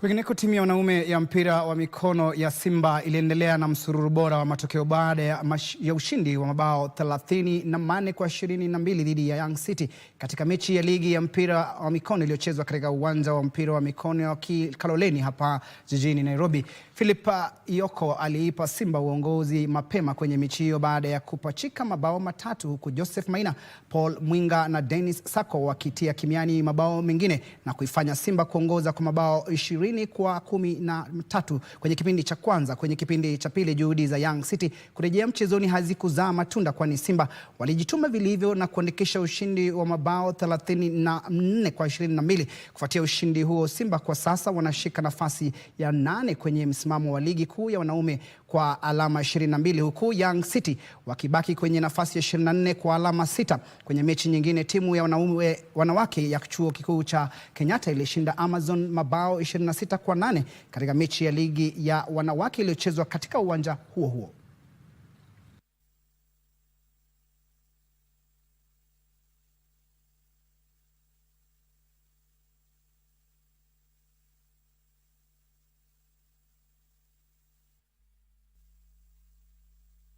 Kwingineko, timu ya wanaume ya mpira wa mikono ya Simba iliendelea na msururu bora wa matokeo baada ya ushindi wa mabao 38 kwa 22 dhidi ya Young City katika mechi ya ligi ya mpira wa mikono iliyochezwa katika uwanja wa mpira wa mikono wa Kikaloleni hapa jijini Nairobi. Philip Yoko aliipa Simba uongozi mapema kwenye mechi hiyo baada ya kupachika mabao matatu, huku Joseph Maina, Paul Mwinga na Dennis Sako wakitia kimiani mabao mengine na kuifanya Simba kuongoza kwa mabao 20 ishirini kwa kumi na tatu kwenye kipindi cha kwanza. Kwenye kipindi cha pili, juhudi za Young City kurejea mchezoni hazikuzaa matunda, kwani Simba walijituma vilivyo na kuandikisha ushindi wa mabao 34 kwa mbili. Kufuatia ushindi huo, Simba kwa sasa wanashika nafasi ya nane kwenye msimamo wa ligi kuu ya wanaume kwa alama 22 huku Young City wakibaki kwenye nafasi ya 24 kwa alama sita. Kwenye mechi nyingine, timu ya wanaume, wanawake ya chuo kikuu cha Kenyatta ilishinda Amazon mabao 26 kwa nane katika mechi ya ligi ya wanawake iliyochezwa katika uwanja huo huo.